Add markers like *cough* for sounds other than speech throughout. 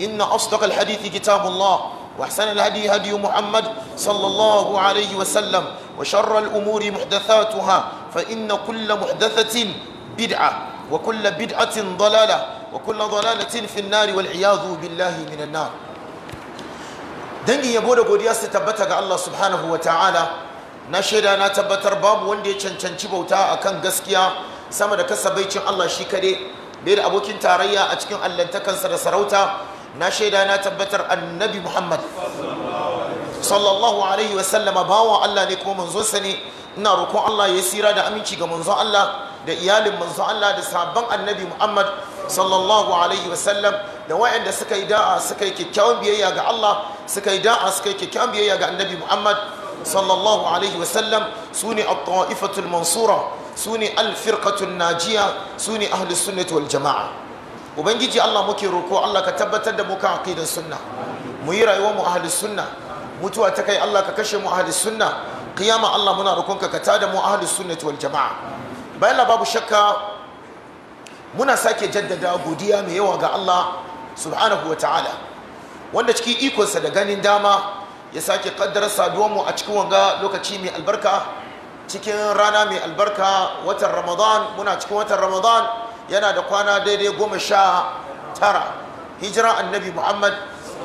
إن أصدق الحديث كتاب الله وأحسن الهدي هدي محمد صلى الله عليه وسلم وشر الأمور محدثاتها فإن كل محدثة بدعة وكل بدعة ضلالة وكل ضلالة في النار والعياذ بالله من النار dangi ya da godiya su tabbata ga Allah subhanahu wa ta'ala na shaida na tabbatar babu wanda ya cancanci bauta akan gaskiya sama da kasabaicin Allah shi kadai bai da abokin tarayya a cikin allahntakansa da sarauta na shaida na tabbatar annabi muhammad sallallahu alaihi wasallama bawan allah ne kuma manzonsa ne ina roƙon allah ya sira da aminci ga manzon allah da iyalin manzon allah da sabon annabi muhammad sallallahu alaihi wasallam da wayanda suka yi da'a suka yi kyakkyawan biyayya ga allah suka yi da'a suka yi kyakkyawan biyayya ga annabi muhammad sallallahu alaihi wasallam su ne at-ta'ifatul mansura su ne al-firqatul najiya su ne ahlus sunnah wal jama'a ubangiji Allah muke roko Allah ka tabbatar da mu kan aqidar sunna mu yi rayuwar mu ahli sunna mutuwa ta kai Allah ka kashe mu ahli sunna qiyama Allah muna roƙon ka tada mu ahli sunna wal jamaa bayan babu shakka muna sake jaddada godiya mai yawa ga Allah subhanahu wa ta'ala wanda cikin sa da ganin dama ya sake kaddara saduwar mu a cikin wanga lokaci mai albarka cikin rana mai albarka watan Ramadan muna cikin watan Ramadan yana da kwana daidai goma sha tara hijira annabi muhammad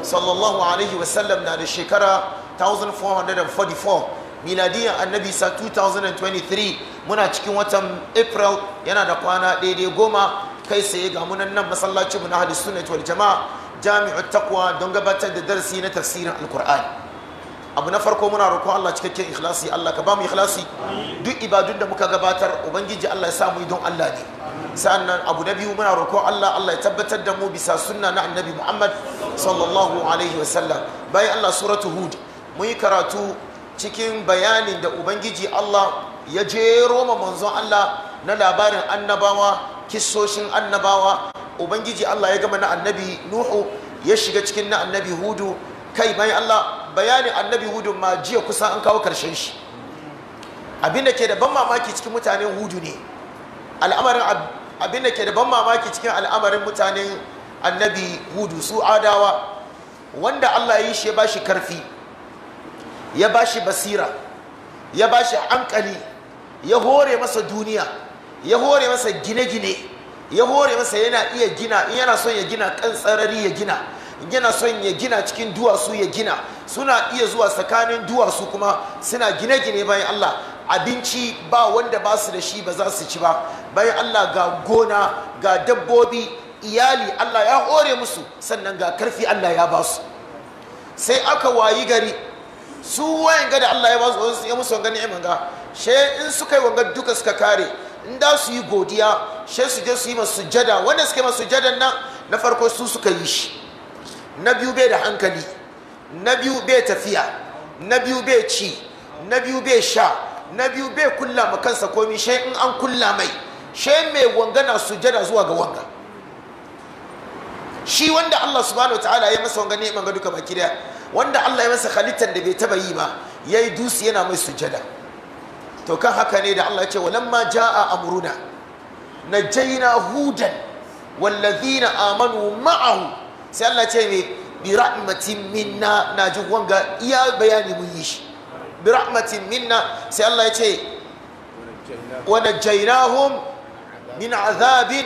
sallallahu alaihi wasallam na da shekara 1444 miladiyyar annabi sa 2023 muna cikin watan april yana da kwana daidai goma kai sai ga munan nan masallacinmu na hadis wal jama'a jami'ar takwa don gabatar da darasi na tafsirin alkur'ani abu na farko muna roƙon Allah cikakken ikhlasi Allah ka ba mu ikhlasi duk ibadun da muka gabatar ubangiji Allah ya sa mu don Allah ne sa'annan abu na biyu muna roƙon Allah Allah ya tabbatar da mu bisa sunna na annabi Muhammad sallallahu alaihi wa sallam bayan Allah suratu hud mun yi karatu cikin bayanin da ubangiji Allah ya jero ma manzon Allah na labarin annabawa kissoshin annabawa ubangiji Allah ya gama na annabi Nuhu ya shiga cikin na annabi Hudu kai bayan Allah bayanin annabi hudun ma jiya kusa an kawo karshen shi abin ke da ban mamaki cikin mutanen hudu ne al'amarin ke da ban mamaki cikin al'amarin mutanen annabi hudu su adawa wanda allah ya yi shi ya ba shi karfi ya ba shi basira ya ba shi hankali ya hore masa duniya ya hore masa gine-gine ya hore masa yana iya gina yana son ya gina kan tsarari ya gina yana son ya gina cikin duwatsu ya gina suna iya zuwa tsakanin duwatsu kuma suna gine-gine bayan Allah abinci ba wanda ba su da shi ba za su ci ba bayan Allah ga gona ga dabbobi iyali Allah ya hore musu sannan ga karfi Allah ya ba su sai aka wayi gari su wayan ga da Allah ya ba su ya musu wanga ni'iman ga she in suka yi wanga duka suka kare in da su yi godiya she su je su yi masu jada wanda suka yi masu jadan nan na farko su suka yi shi na biyu bai da hankali na biyu bai tafiya na biyu bai ci na biyu bai sha na biyu bai kulla ma kansa komi shai in an kulla mai shai mai wanga na jada zuwa ga wanga shi wanda Allah subhanahu wa ta'ala ya masa wanga neman ga duka baki daya wanda Allah ya masa halittar da bai taba yi ba yayi dusi yana mai sujada to kan haka ne da Allah ya ce walamma jaa amruna najaina hudan wallazina amanu ma'ahu sai Allah ce mai bi rahmatin minna na jin wanga iya bayani mun yi shi bi rahmatin minna sai Allah ya ce wa najjaynahum min azabin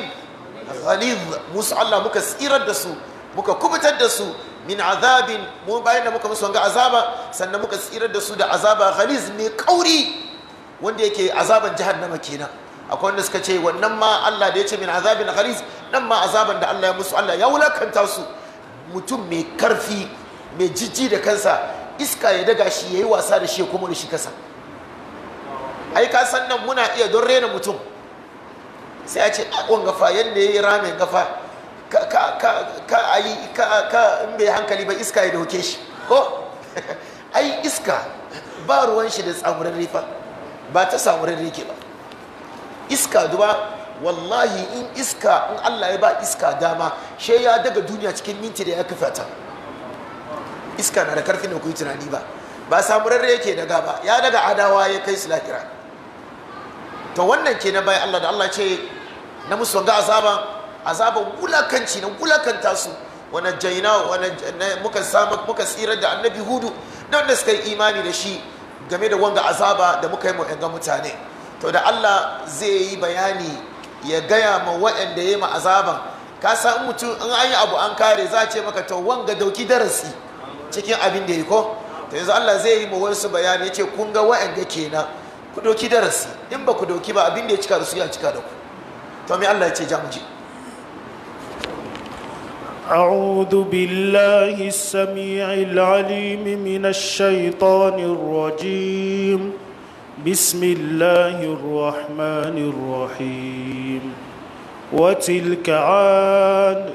ghalid musu Allah muka tsirar da su muka kubutar da su min azabin mu bayan da muka musu wanga azaba sannan muka tsirar da su da azaba ghaliz mai kauri wanda yake azaban jahannama kenan akwai wanda suka ce wannan ma Allah da ya ce min azabin ghaliz nan ma azaban da Allah ya musu Allah ya wulakanta su mutum mai karfi mai jijji da kansa iska ya daga shi ya yi wasa da shi ya kuma da shi kasa ai ka san nan muna iya don rena mutum sai ya ce akon ah, gafa yadda ya yi ramin gafa ka a yi ka in bai hankali ba iska ya dauke shi ko *laughs* ai iska ba ruwan shi da tsamurin rifa ba ta samurin rike ba iska duba wallahi in iska in Allah ya ba iska dama she ya daga duniya cikin minti da ya kafa ta iska na da karfin da kuyi tunani ba ba samurarre yake daga ba ya daga adawa ya kai su lahira to wannan ke na bai Allah da Allah ce na musu ga azaba azaba wulakanci na wulakanta su wana jaina wana muka samu muka tsirar da annabi hudu da wanda suka yi imani da shi game da wanga azaba da muka yi mu mutane to da Allah zai yi bayani ya gaya ma waɗanda ya ma azaban ka san mutum in an yi abu an kare za a ce maka to wanga dauki darasi cikin abin da ya ko ta yanzu Allah zai yi ma wasu bayani yace kun ga waɗanda kenan ku dauki darasi in ba ku dauki ba abin da ya cika da su ya cika da ku to mai Allah ya ce jamuji أعوذ بالله السميع العليم من الشيطان الرجيم بسم الله الرحمن الرحيم وتلك عاد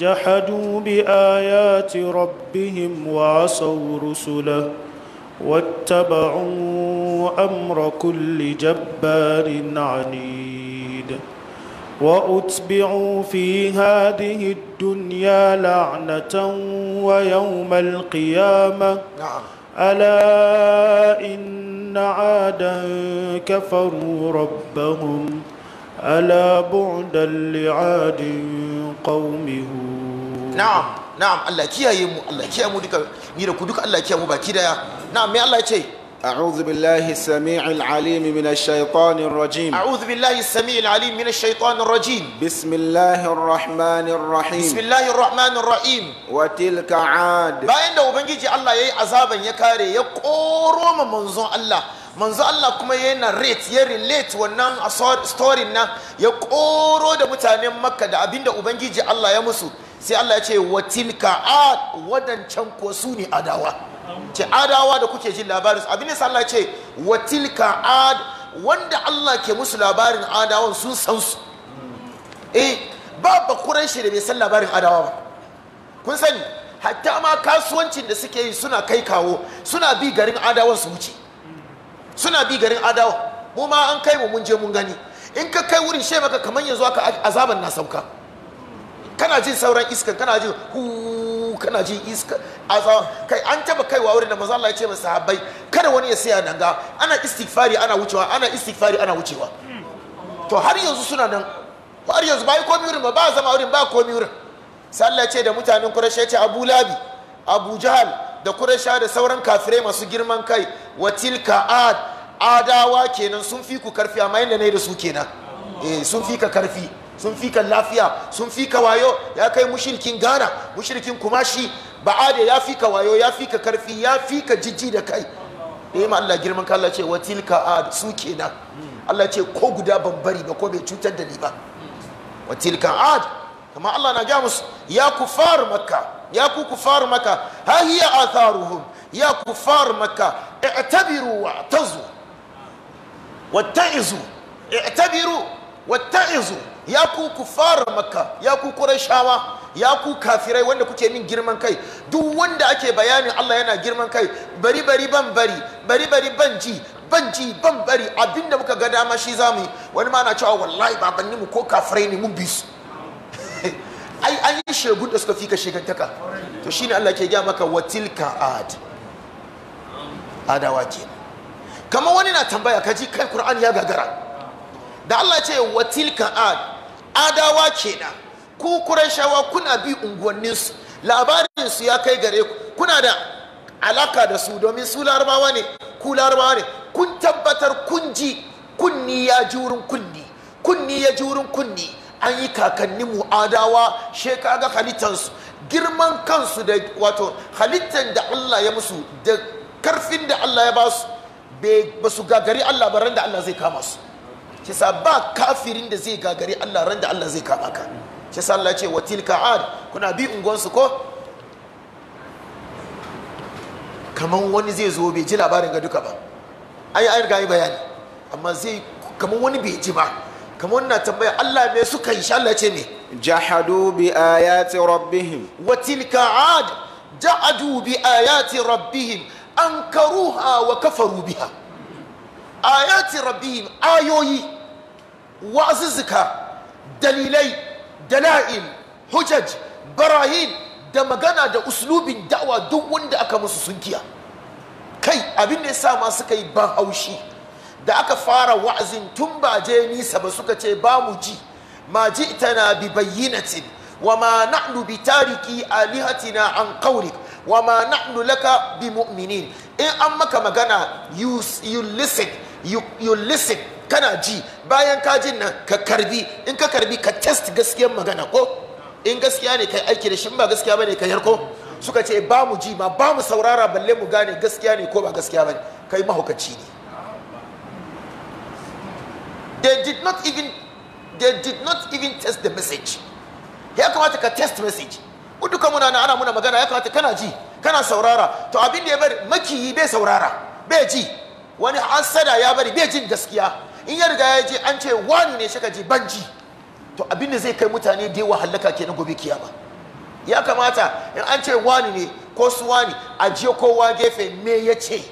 جحدوا بآيات ربهم وعصوا رسله واتبعوا أمر كل جبار عنيد وأتبعوا في هذه الدنيا لعنة ويوم القيامة نعم ألا إن عادا كفروا ربهم ألا بعدا لعاد قومه نعم نعم الله كيا يمو الله كيا مو ديكا نيرا كودوك الله كيا مو باكيدا نعم يا الله يتي أعوذ بالله السميع العليم من الشيطان الرجيم أعوذ بالله السميع العليم من الشيطان الرجيم بسم الله الرحمن الرحيم بسم الله الرحمن الرحيم وتلك عاد باين دا وبنجي الله يي عذابا يا كاري يا قورو منزون الله manzo Allah kuma yana rate ya relate wannan story nan ya koro da mutanen makka da abinda ubangiji Allah ya musu sai Allah ya ce wa tilka ad wadancan ko su ne adawa ce adawa da kuke jin labarin abin da Allah ce watilka ad wanda Allah ke musu labarin adawan sun san su eh ba kuran shi da bai san labarin adawa ba kun sani hatta ma kasuwancin da suke yi suna kai kawo suna bi garin adawan su wuce suna bi garin adawa mu ma an kai mu mun je mun gani in ka kai wurin shema maka kamar yanzu aka azaban na sauka kana jin sauran iskan kana jin hu kana ji iska tsawon kai an taba kaiwa wurin da mazan Allah ya ce masa sahabbai kada wani ya saya ga ana istighfari ana wucewa ana istighfari ana wucewa to har yanzu suna nan har yanzu bai komi wurin ba ba zama wurin ba komi wurin sai Allah ya ce da mutanen Quraysh ya ce Abu Labi Abu Jahl da Quraysh da sauran kafirai masu girman kai wa tilka ad adawa kenan sun fi ku karfi amma inda ne da su kenan eh sun fi ka karfi sun fi kan lafiya sun fi ka wayo ya kai mushirkin gana mushirkin kumashi ba'ade ya fi ka wayo ya fi ka karfi ya fi ka jijji da kai da eh yi Allah girman ka Allah ce wa tilka ad su kenan Allah ce ko guda ban bari ba ko bai cutar da ni ba wa tilka ad kama Allah na ga musu ya ku kufar maka ya ku ku kufar makka ha hiya atharuhum ya ku kufar makka i'tabiru wa tazu watta'izu i'tabiru watta'izu ya ku kufar makka ya ku qurayshawa ya ku kafirai wanda kuke min girman kai duk wanda ake bayanin Allah yana girman kai bari bari ban bari bari bari ban ji ban ji ban bari abinda muka ga dama shi zamu yi wani ma na cewa wallahi babanni mu ko kafirai ne mun bi su *laughs* ai an yi shegun da suka fi ka shegantaka to shine Allah ke gaya maka watilka ad adawa ke kamar wani na tambaya kaji kai qur'ani ya gagara da Allah ce watilka ad adawa kenan ku kurashawa kuna bi unguwanninsu labarinsu ya kai gare ku kuna da alaka da su domin su larabawa ne ku larabawa ne kun tabbatar kun ji kunni ya ji wurin kunni kunni ya ji wurin kunni an yi kakanni mu adawa she halittansu girman kansu da wato halittan da Allah ya musu da karfin da Allah ya ba su ba su gagari Allah baran da Allah zai kama su shi sa ba kafirin da zai gagari Allah ran da Allah zai kama ka shi sa Allah ce watilka ad kuna bi unguwansu ko kaman wani zai zo bai ji labarin ga duka ba ai ai ga yi bayani amma zai kaman wani bai ji ba kaman wani na tambaya Allah me suka yi Allah ce me jahadu bi ayati rabbihim watilka ad jahadu bi ayati rabbihim ankaruha wa kafaru biha ayati rabbihim ayoyi wa'azuzzuka dalilai dala'il hujjaj, barahin da magana da uslubin da'awa duk wanda aka musu sunkiya kai abin da ya sa ma suka ban haushi da aka fara wa'azin tun ba je nisa ba suka ce ba mu ji ma ji tana bi bayyinatin wa ma na'nu bi tariki alihatina an kauri wa ma na'nu laka bi mu'minin in an maka magana you, you you listen kana ji bayan ka jin nan ka karbi in ka karbi ka test gaskiyar magana ko in gaskiya ne kai aiki da shi ba gaskiya bane ka yarko suka ce ba mu ji ba ba mu saurara balle mu gane gaskiya ne ko ba gaskiya bane kai mahaukaci ne they did not even they did not even test the message ya kamata ka test message kudu duka muna na ana muna magana ya kamata kana ji kana saurara to abin da ya bari makiyi bai saurara bai ji wani hasada ya bari bai jin gaskiya in ya riga ya je an ce wani ne shi ji ban ji to abin da zai kai mutane da yawa hallaka na gobe kiyama ya kamata in an ce wani ne ko su wani a je kowa gefe me ya ce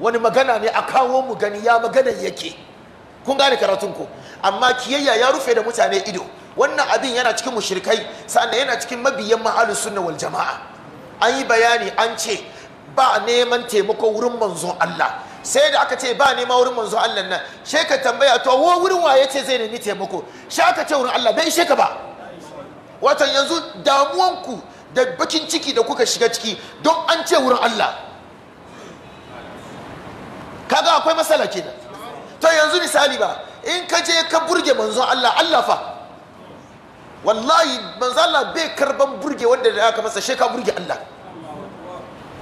wani magana ne a kawo mu gani ya magana yake kun gane karatun ku amma kiyayya ya rufe da mutane ido wannan abin yana cikin mushrikai sannan yana cikin mabiyan ma'alu sunna wal jama'a an yi bayani an ce ba neman taimako wurin manzon Allah sai da aka ce ba ma wurin manzo Allah nan sai ka tambaya to wo wurin waye ce zai nemi taimako sai aka ce wurin Allah bai sheka ba watan yanzu damuwanku da bakin ciki da kuka shiga ciki don an ce wurin Allah kaga akwai matsala kenan to yanzu misali ba in ka je ka burge manzo Allah Allah fa wallahi manzo Allah bai karban burge wanda da aka masa sai ka burge Allah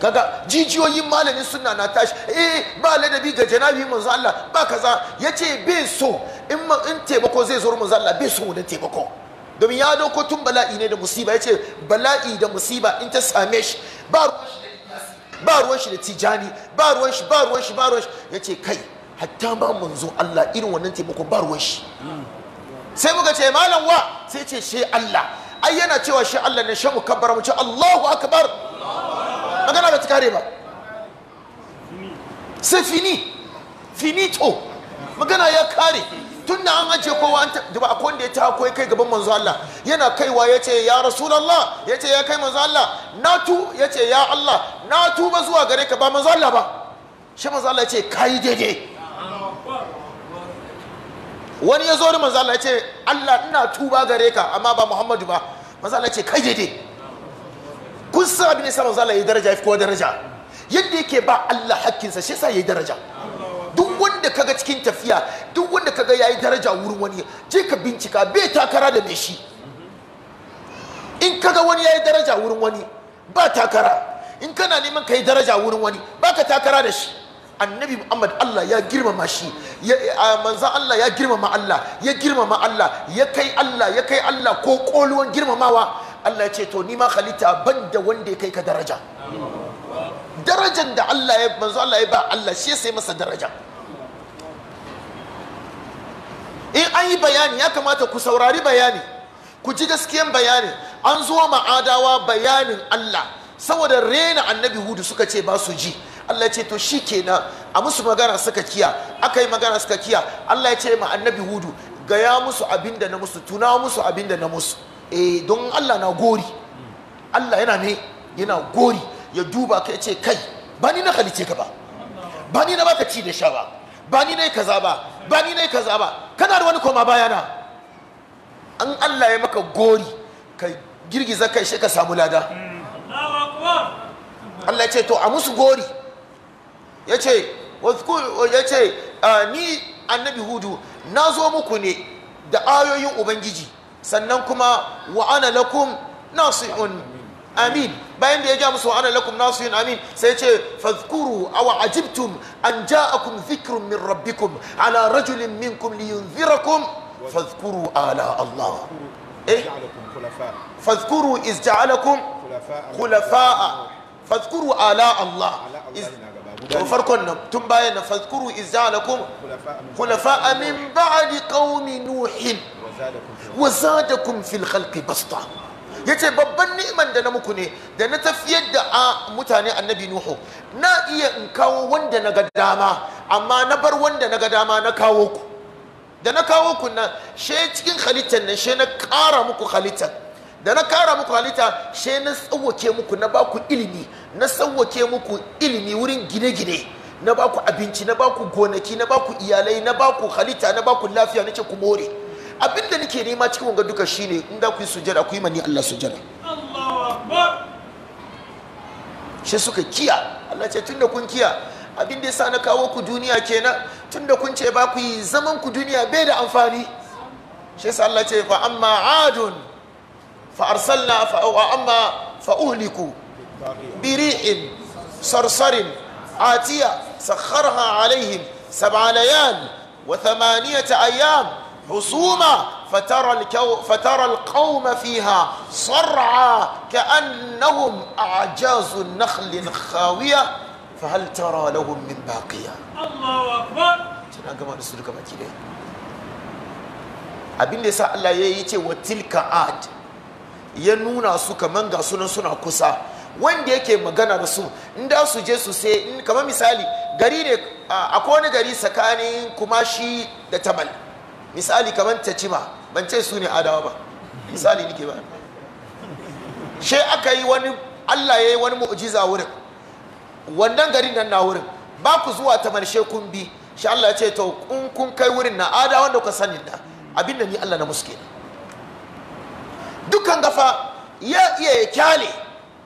kaga jijiyoyin malamin sunna na tashi eh ba ladabi ga janabi manzo Allah ba kaza yace bai so in in taimako zai zo manzo Allah bai so da taimako domin ya dauko tun bala'i ne da musiba yace bala'i da musiba in ta same shi ba ruwan shi da ba ruwan shi da tijani ba ruwan shi ba ruwan shi ba ruwan shi yace kai hatta ma manzo Allah irin wannan taimako ba ruwan shi sai muka ce malam wa sai ce shi Allah ai yana cewa shi Allah ne shi mu kabbara mu ce Allahu akbar Allahu magana ba ta kare ba sai fini finito magana ya kare tun da an ajiye kowa an taɓa ba akwai wanda ya taha koyi kai gaban manzo Allah yana kaiwa ya ce ya rasulallah ya ce ya kai manzo Allah na tu ya ce ya Allah na tu ba zuwa gare ka ba manzo Allah ba shi manzo Allah ya ce ka yi daidai wani ya zo da manzo Allah ya ce Allah ina tuba gare ka amma ba Muhammadu ba manzo Allah ya ce kai daidai kun san abin yasa manzo Allah ya daraja ya fi kowa daraja yadda yake ba Allah hakkinsa shi yasa ya yi daraja duk wanda kaga cikin tafiya duk wanda kaga ya yi daraja wurin wani je ka bincika bai takara da mai shi in kaga wani ya yi daraja wurin wani ba takara in kana neman ka yi daraja wurin wani ba ka takara da shi annabi muhammad allah ya girmama shi manzan allah ya girmama allah ya girmama allah ya kai allah ya kai allah ko koluwan girmamawa Allah ya ce to ni ma halitta ban wanda ya kai ka daraja darajar da Allah ya manzo Allah ya ba Allah shi sai masa daraja in an yi bayani ya kamata ku saurari bayani ku ji gaskiyan bayani an zo ma'adawa bayanin Allah saboda rena annabi hudu suka ce ba su ji Allah ce to shi kenan a musu magana suka kiya aka yi magana suka kiya Allah ya ce ma annabi hudu gaya musu abinda na musu tuna musu abinda na musu eh don Allah na gori Allah yana ne yana gori ya duba ka ce kai ba ni na halice ka ba ba ni na baka ci da sha ba ba ni nai kaza ba ba ni nai kaza ba kana da wani koma bayana an Allah ya maka gori ka girgiza kai shi ka samu lada Allah ya ce to a musu gori ya ce ya ce ni annabi hudu na zo muku ne da ayoyin ubangiji sannan kuma wa ana lakum nasihun amin bayan da ya ja musu wa ana lakum nasihun amin sai ce fadhkuru awa ajibtum an ja'akum dhikrun min rabbikum ala rajulin minkum liyunzirakum fadhkuru ala Allah eh fadhkuru iz ja'alakum khulafa'a fadhkuru ala Allah to farkon nan tun bayan na fadhkuru iz ja'alakum khulafa'a min ba'di qaumi nuhin wa zadakum fil khalqi basta yace babban ni'iman da na muku ne da na tafiyar da a mutane annabi nuhu na iya in kawo wanda na ga dama amma na bar wanda na ga dama na kawo ku da na kawo ku nan she cikin halittar nan she na kara muku halittar da na kara muku halitta she na tsawake muku na ba ku ilimi na tsawake muku ilimi wurin gine-gine na ba ku abinci na ba ku gonaki na ba ku iyalai na ba ku halitta na ba ku lafiya nake ku more Abin da nake nema cikin wanga duka shine in da ku yi sujada ku yi mani Allah sujada shi suka kiya Allah ce tunda kun kiya abin da yasa na kawo ku duniya kenan tunda kun ce ba ku yi zaman ku duniya bai da amfani shi yasa Allah ce fa amma adun fa arsalna fa wa amma fa uhliku biri'in sarsarin atiya sakharha alaihim sab'a layal wa thamaniyata husuma fatara alƙauma fiha sar'a a annahum ajazu nakhlin khawiya fa hal tara lahum min baqiya Allahu tana gama da su duka abin da sa Allah ya yi ce wa tilka ad ya nuna su kaman ga sunan suna kusa wanda yake magana da su in da su je su sai kamar misali gari ne akwai wani gari tsakanin kumashi da tamal misali kamar ta ci ba ban ce su ne adawa ba misali nike ba shi aka yi wani allah ya yi wani mu'ujiza wurin wannan garin nan na wurin ba ku zuwa ta marshe kun bi shi allah ya ce to kun kun kai wurin na ada wanda ka sani da abin da ni allah na muske dukkan gafa ya iya ya kyale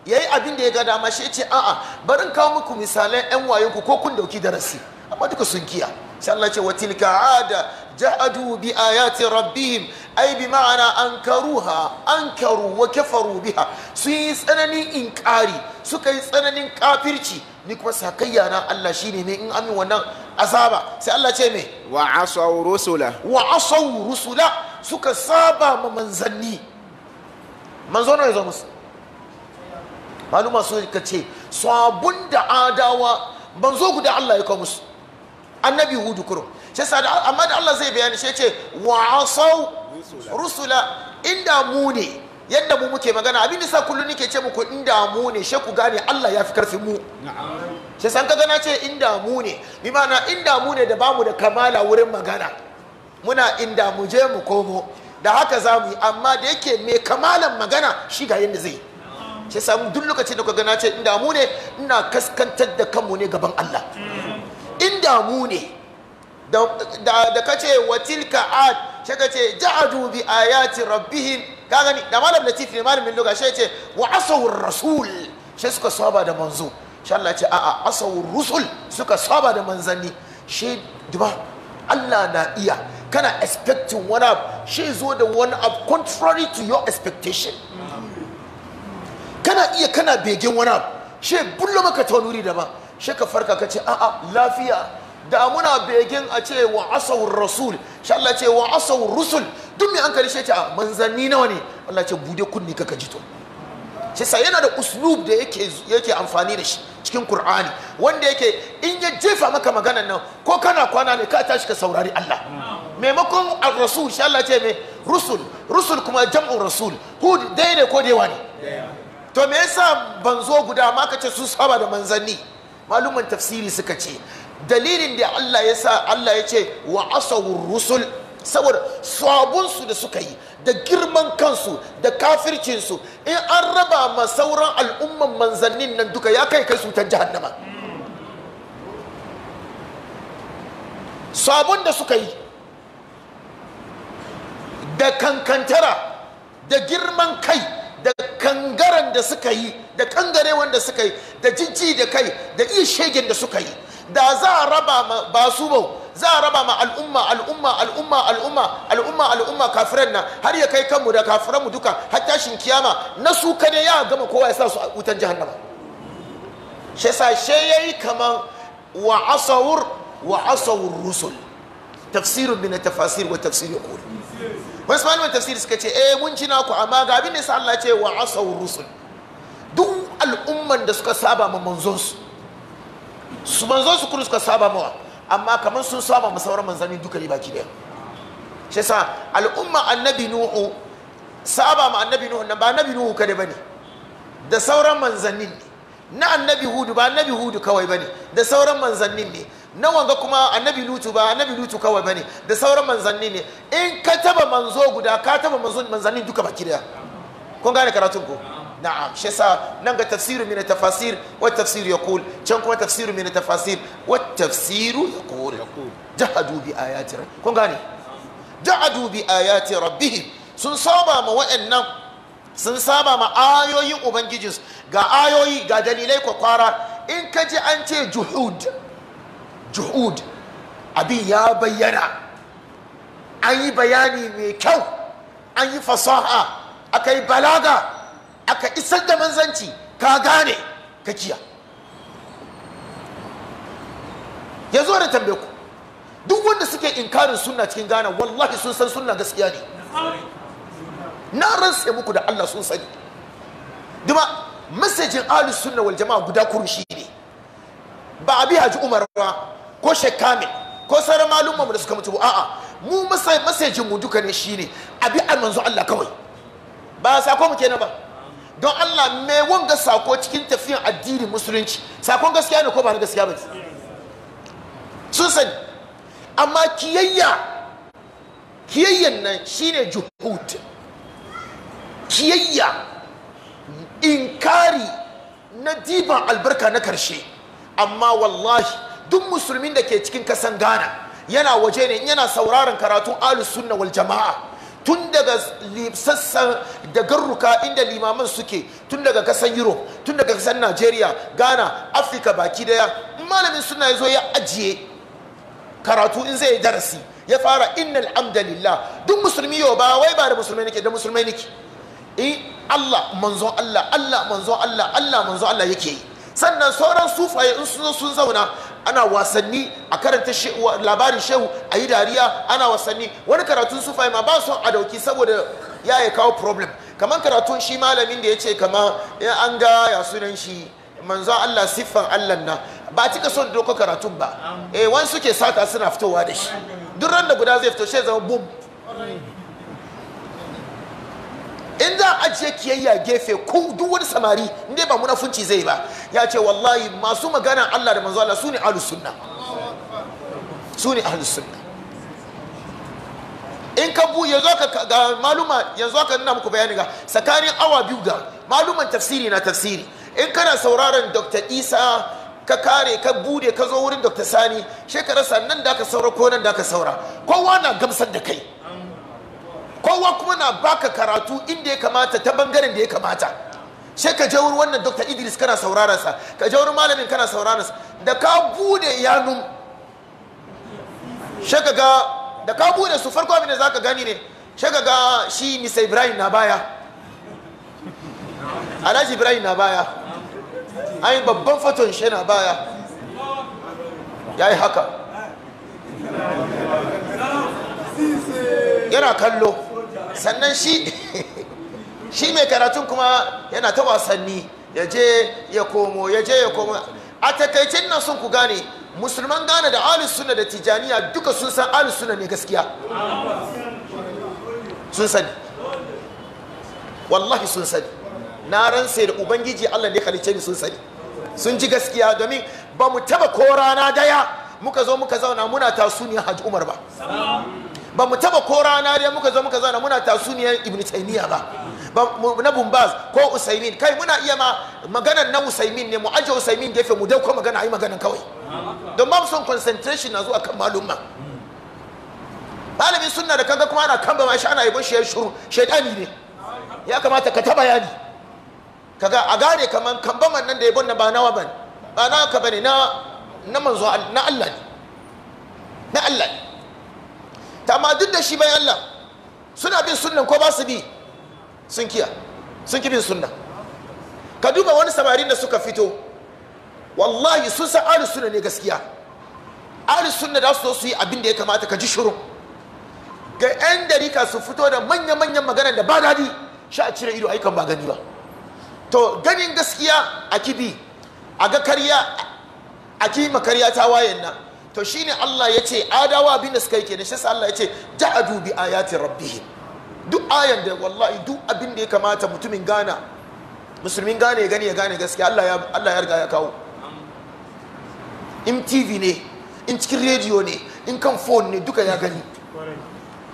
ya yi abin da ya ga dama shi ce a'a barin kawo muku misalan yan wayo ku ko kun dauki darasi amma duka sun kiya shi Allah ce wa tilka ada جحدوا بآيات ربهم أي بمعنى أنكروها أنكروا وكفروا بها سي سنني إنكاري سكي سنني كافرتي نكما ساكيانا الله شيني من أمي ونان أصابا سي الله شيني وعصوا رسله وعصوا رسله سكي سابا ممنزني منزونا يزومس maluma su ka ce sabon da adawa ban zo guda Allah ya kawo musu annabi hudu kuro shi sa amma da Allah zai bayani shi ce wa asau rusula inda mu ne yadda mu muke magana abin da sa kullun nake ce muku inda mu ne shi ku gane Allah ya fi karfi mu shi san ka gana ce inda mu ne bi ma'ana inda mu ne da bamu da kamala wurin magana muna inda mu je mu komo da haka za mu yi amma da yake mai kamalan magana shi ga yadda zai shi samu duk lokacin da ka gana ce inda mu ne ina kaskantar da kanmu ne gaban Allah abin mu ne da ka ce wa tilka ad shi ka ce ja'adu bi ayati rabbihim ka gani da malam latif ne malamin luga shi ce wa asawur rasul shi suka saba da manzo shi Allah ce a'a asawur rusul suka saba da manzanni shi duba Allah na iya kana expecting wani abu shi zo da wani abu contrary to your expectation kana iya kana begen wani abu shi bullo maka ta wani daban shi ka farka ka ce a'a lafiya da muna begin a ce wa asau rasul shi Allah ce wa asau rusul duk mai an kari shi ce a manzanni nawa ne Allah ce bude kunni ka ji to shi sa yana da uslub da yake yake amfani da shi cikin Qur'ani wanda yake in ya jefa maka maganan nan ko kana kwana ne ka tashi ka saurari Allah maimakon ar-rasul shi Allah ce me rusul rusul kuma jam'un rasul hud dai ne ko dai wani to me yasa ban zo guda ma ka ce su saba da manzanni maluman tafsiri suka ce dalilin da Allah ya sa Allah ya ce wa asawur rusul saboda sabunsu da suka yi da girman kansu da kafircinsu in an raba ma sauran al'umman manzannin nan duka ya kai kai su ta jahannama sabon da suka yi da kankantara da girman kai da Wanda suka yi da kangare wanda suka yi da jijji da kai da iya shegen da suka yi da za a raba ma ba su ba za a raba ma al'umma al'umma al'umma al'umma al'umma al'umma kafiran nan har ya kai kanmu da kafiran mu duka har tashin kiyama na su kane ya gama kowa ya sa su a wutan jahannama shi yasa she yayi kaman wa asawur wa asawur rusul tafsirun min tafasir wa tafsir yaqul wasu malaman tafsir suka ce eh mun jina ku amma ga abin da sa Allah ce wa asawur rusul duk al'umman da suka saba ma manzonsu su manzonsu kuma suka saba mawa amma kamar sun saba ma sauran manzanni duka ne baki daya shi sa al'umma annabi nuhu saba ma annabi nuhu nan ba annabi nuhu kada bane da sauran manzannin ne na annabi hudu ba annabi hudu kawai bane da sauran manzannin ne na wanga kuma annabi lutu ba annabi lutu kawai bane da sauran manzanni ne in ka taba manzo guda ka taba manzannin duka baki daya kun gane karatun ko na'am shi yasa nan ga tafsiru min tafasir wa ya kul can kuma tafsiru min tafasir wa tafsiru yaqul jahadu bi ayati rabbihim kun gane jahadu bi ayati rabbihim sun saba ma wa'annan sun saba ma ayoyin ubangijinsu ga ayoyi ga dalilai kwakwara in ka ji an ce juhud juhud abin ya bayyana an yi bayani mai kyau an yi fasaha aka yi balaga aka isar da manzanci ka gane ka kiya ya zo da tambe ku duk wanda suke inkarin suna cikin gana wallahi sun san sunna gaskiya ne na ransa muku da Allah sun sani duma masajin ahlus sunna wal jama'a guda shi ne ba abi haji umar ba ko shek kamil ko sauran malumma da suka mutu a'a mu masajin mu duka ne shine abi al manzo Allah kawai ba sako mu kenan ba don Allah me wanga sako cikin tafiyan addini musulunci sakon gaskiya ne ko ba na gaskiya ba sun sani amma kiyayya kiyayyan nan shine juhud kiyayya inkari na diban albarka na karshe amma wallahi duk musulmin da ke cikin kasan Ghana yana waje ne yana sauraron karatun ahlus sunna wal jama'a tun daga sassan da garruka inda limaman suke tun daga kasan europe tun daga kasan nigeria ghana afirka baki daya malamin suna zo ya ajiye karatu in zai darasi ya fara innal amdalillah duk musulmi yau ba wai ba da musulmai nake da musulmai nake in eh, allah manzon allah allah manzon allah allah manzon allah yake yi sannan sauran sufaye in sun zauna ana wasanni a karanta labarin shehu a yi dariya ana wasanni wani karatun sufaye ma ba son a dauki saboda ya ya kawo problem kamar karatun shi malamin da ya ce kama eh, an ga ya sunan shi manzo Allah siffan Allah na ba cika son doko karatun ba eh wani suke saka suna fitowa da shi duk ran da guda zai fito shi zama bum in za a ajiye kiyayya gefe ko duk wani samari in dai ba munafunci zai ba ya ce wallahi masu magana Allah da manzo Allah su ahlus sunna su ahlus sunna in ka bu yanzu ka ga maluma yanzu aka nuna muku bayani ga tsakanin awa biyu ga maluman tafsiri na tafsiri in kana sauraron Dr. Isa ka kare ka bude ka zo wurin Dr. Sani shekarar sannan da ka saura ko nan da ka saura kowa na gamsar da kai kowa kuma na baka karatu inda ya kamata ta bangaren da ya kamata sai ka je wannan dr idris kana saurara sa ka je malamin kana sauraron sa da ka bude yanu sai ka ga da ka bude su farko abin da zaka gani ne sai ka ga shi mr ibrahim na baya alhaji ibrahim na baya an babban faton shi na baya ya yi haka yana kallo sannan shi shi mai karatun kuma yana ta wasanni ya je ya komo ya je ya komo a takaicin nan sun ku gane musulman gane da alisunan da tijaniya duka sun san alisunan ne gaskiya sun sani wallahi sun sani na ransa da ubangiji Allah ne halicce ni sun sani sun ji gaskiya domin ba mu taba ko rana daya muka zo muka zauna muna tasuniya Hajji Umar ba ba mu taba ko rana dai muka zo muka zana muna tasuniyar ibn taymiya ba na bumbaz ko usaimin kai muna iya ma maganar na usaimin ne mu aje usaimin gefe mu dai ko magana ai maganar kawai don ba mu son concentration na zuwa kan malumma malamin sunna da kaga kuma ana kamba ma shi ana yabon shi ya shuru shaidani ne ya kamata ka taba yani kaga a gane kaman kan man nan da yabon na ba nawa ba ba nawa ka bane na na manzo na Allah ne na Allah ne ta amma duk da shi bayan Allah suna bin sunnan ko ba su bi sun kiya sun ki bin sunna ka duba wani samarin da suka fito wallahi sun san ahlus sunna ne gaskiya ahlus sunna da su zo su yi abin da ya kamata ka ji shiru ga yan darika su fito da manya manyan magana da ba dadi sha a cire ido aikan ba gani ba to ganin gaskiya a kibi a ga karya a kima karya ta wayan nan to shine Allah ya ce adawa abin da suka yi kenan shi sa Allah ya ce ja'adu bi ayati rabbihim duk ayan da wallahi duk abin da ya kamata mutumin gana musulmin gane ya gani ya gane gaskiya Allah ya Allah ya riga ya kawo in TV ne in cikin rediyo ne in kan phone ne duka ya gani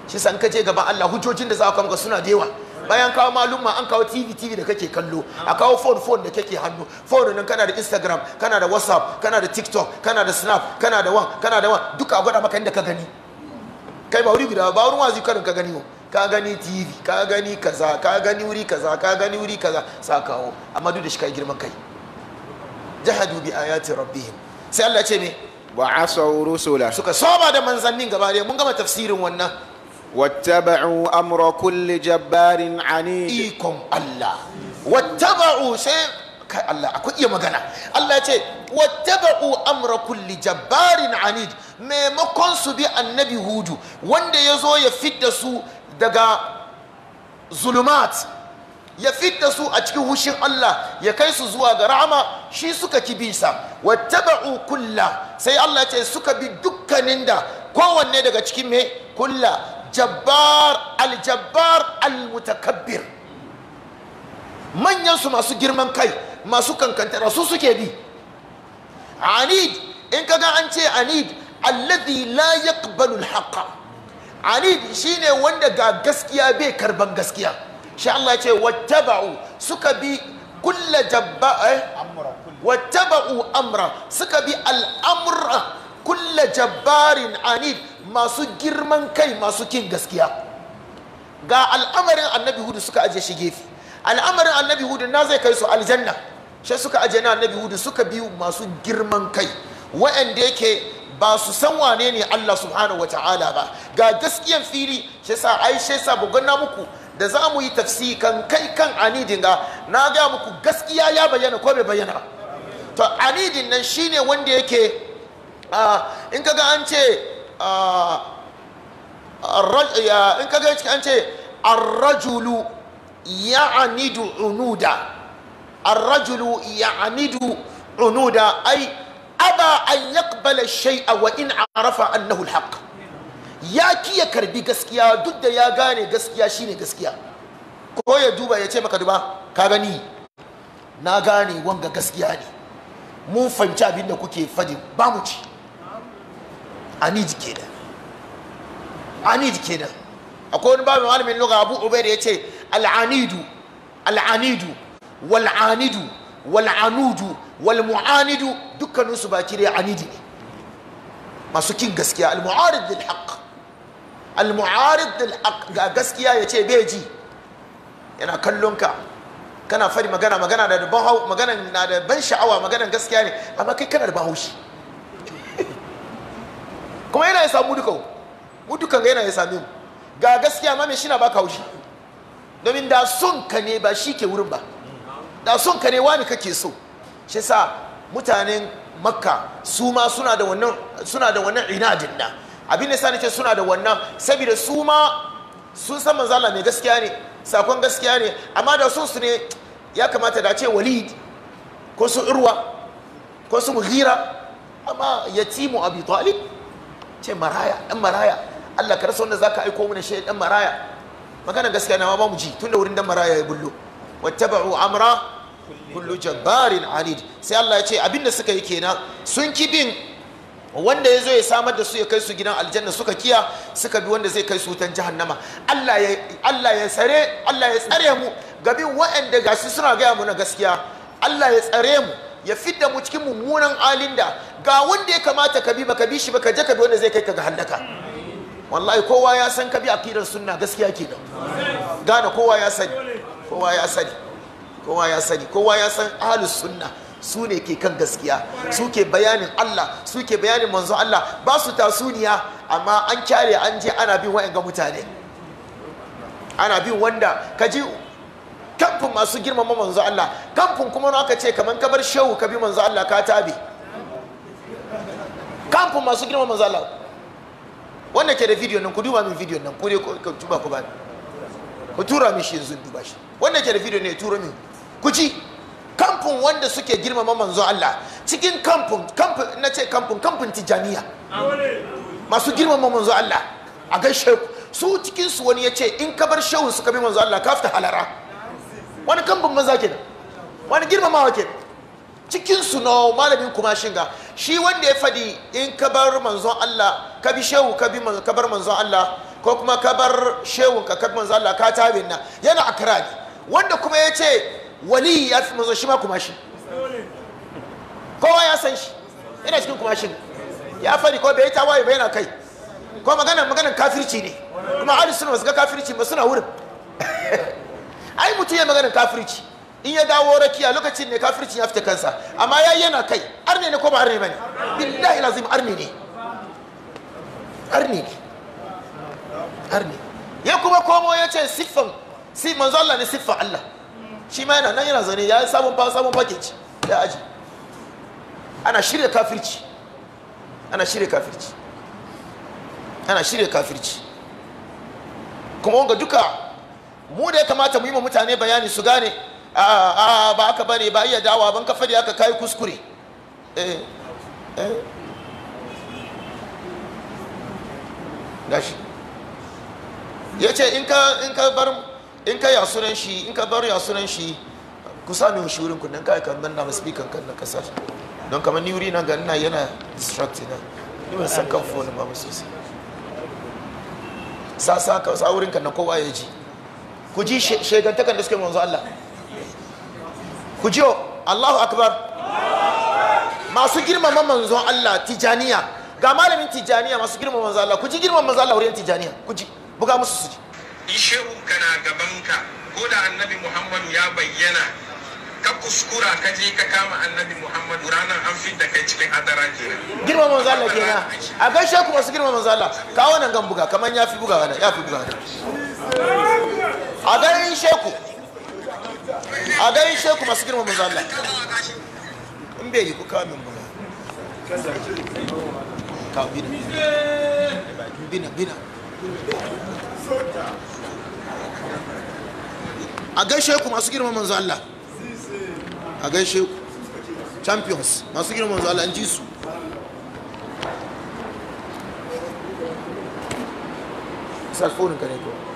shi ka kaje gaban Allah hujjojin da za ka suna da yawa bayan kawo maluma an kawo tv tv da kake kallo a kawo phone phone da kake hannu phone nan kana da instagram kana da whatsapp kana da tiktok kana da snap kana da wan kana da wan duka a gwada maka inda ka gani kai ba wuri guda ba wurin wazi karin ka gani ka gani tv ka gani kaza ka gani wuri kaza ka gani wuri kaza sa kawo amma duk da shi kai girman kai jahadu bi ayati rabbihim sai Allah ya ce me wa asaw rusula suka saba da manzannin gaba mun gama tafsirin wannan wattaba'u amra kulli jabbarin anid ikon Allah wattaba'u sai kai Allah akwai iya magana Allah ce wattaba'u amra kulli jabbarin anid maimakon su bi annabi hudu wanda ya zo ya fidda su daga zulumat ya fidda su a cikin hushin Allah ya kai su zuwa ga Rahma. shi suka ki bisa wattaba'u kulla sai Allah ce suka bi dukkanin da kowanne daga cikin me kulla aljabbar aljabbar almutakabbir manyansu masu girman kai masu kankantara su suke bi anid in ka ga an ce anid alladhi la yaqbalu alhaqa anid shine wanda ga gaskiya bai karban gaskiya sha Allah ya ce wattaba'u suka bi kulla jabba eh wattaba'u amra suka bi al'amra kulla jabarin anid masu girman kai masu kin gaskiya ga al'amarin annabi hudu suka aje shi gefe al'amarin annabi hudu na zai kai su aljanna shi suka aje na annabi hudu suka biyu masu girman kai wa'anda yake ba su san wane ne Allah subhanahu wata'ala ba ga gaskiyan fili shi sa ai shi sa na muku da za mu yi tafsi kan kai kan anidin ga na ga muku gaskiya ya bayyana ko bai bayyana ba to anidin nan shine wanda yake Ah, in kaga an ce ah, in kaga an ce arrajulu ya'nidu unuda arrajulu ya'nidu unuda ai aba an yaqbala a wa in arafa annahu alhaq ya kiya karbi gaskiya duk da ya gane gaskiya shine gaskiya ko ya duba ya ce maka duba ka gani na gane wanga gaskiya ne mun fahimci abinda kuke fadi ba mu ci anid kenan anid kenan akwai wani babu malamin lugha abu ubaida yace al-anidu al-anidu wal-anidu wal'anidu anudu wal-mu'anidu dukkanin su baki da anidi ne masu kin gaskiya al-mu'arid lil haqq al-mu'arid lil ga gaskiya yace bai ji yana kallon ka kana fari magana magana da ban na da ban sha'awa magana gaskiya ne amma kai kana da ban haushi kuma yana ya samu duka mu dukan ga yana ya same mu ga gaskiya ma me shi na baka haushi domin da son ka ne ba shi ke wurin ba da son ka ne wani kake so shi sa mutanen makka su ma suna da wannan suna da wannan inadin na abin da sani ce suna da wannan saboda su ma sun san manzo Allah mai gaskiya ne sakon gaskiya ne amma da son su ne ya kamata da ce walid ko su irwa ko su mughira amma yatimu abi talib ce maraya ɗan maraya Allah ka rasa wanda zaka aiko mana shi ɗan maraya magana gaskiya na ma ba mu ji da wurin ɗan maraya ya bullo wattaba'u amra kullu jabbarin anid sai Allah ya ce abin da suka yi kenan sun ki bin wanda ya zo ya samar da su ya kai su gidan aljanna suka kiya suka bi wanda zai kai su wutan jahannama Allah ya ya tsare Allah ya tsare mu gabin waɗanda gashi suna gaya mu na gaskiya Allah ya tsare mu ya fidda mu cikin mummunan halin da ga wanda ya kamata ka bi baka bi shi baka je ka bi wanda zai kai ka ga halaka wallahi kowa ya san ka bi aqidar sunna gaskiya kenan gane kowa ya sani kowa ya sani kowa ya sani kowa ya san ahlus sunna su ne ke kan gaskiya su ke bayanin Allah su ke bayanin manzo Allah ba su tasuniya amma an kyare an je ana bin wa'anga mutane ana bin wanda ka ji kamfin masu girmama manzo Allah kamfin kuma aka ce kaman kabar shehu ka bi manzo Allah ka tabe kamfin masu girmama manzo Allah wanda ke da video nan ku duba min video nan ku dai ku tuba ku ba ku tura min shi yanzu duba shi wanda ke da video ne tura min ku ci kamfin wanda suke girmama manzo Allah cikin kamfin kamfin na ce kamfin kamfin tijaniya masu girmama manzo Allah a gaishe su cikin su wani ya ce in ka bar suka bi manzo Allah ka fita halara wani kambin maza da, wani girmamawa ke cikin su malamin kuma shiga shi wanda ya fadi in ka bar manzon Allah ka bi shehu ka bi ka bar manzon Allah ko kuma ka bar shehu ka ka manzon Allah ka tabe na yana akra ne wanda kuma ya ce wali ya fi manzon shi ma kuma shi kowa ya san shi ina cikin kuma shi ya fadi ko bai tawaye bai na kai ko magana magana kafirci ne kuma ahlus sunna wasu ga kafirci ba suna wurin *laughs* ai mutum ya magana kafirci in ya dawo rakiya lokacin ne kafircin ya fita kansa amma ya yana kai arne ne ko ba arne bane billahi lazim arne ne arne ne arne ya kuma komo ya ce siffan si manzo Allah ne siffan Allah shi ma yana nan yana zane ya samun ba samun package ya aji ana shirya kafirci ana shirya kafirci ana shirya kafirci kuma wanga duka mu da ya kamata mu yi wa mutane bayani su gane a ba aka bane ba iya dawa ban kafa da aka kai kuskure eh, eh. ya ce in ka bar yasunan shi in ka bar yasunan shi ku sami shi wurin kundin kai kan na ma speaker kan na kasa don kamar ni wuri nan ga yana distracted na ni ban san kan phone ba musu sasa ka sa wurin kan na kowa ya ji ku ji shegantakan da suke manzo Allah ku ji Allahu akbar masu girmama manzon Allah tijaniya ga malamin tijaniya masu girmama manzon Allah ku ji girmama manzon Allah wurin tijaniya ku ji buga musu su ji ishehun kana gabanka ko da annabi Muhammadu ya bayyana ka kuskura ka je ka kama annabi Muhammadu ranar an fi da kai cikin adara kenan girmama manzon Allah kenan a gaishe ku masu girmama manzon Allah kawo nan gan buga kaman ya fi buga wannan ya fi buga wannan a gaishe sheku a sheku masu girma manzo Allah in bai yi ku bina a gan sheku masu girma a champions masu girma manzo Allah an ji su ka ne ko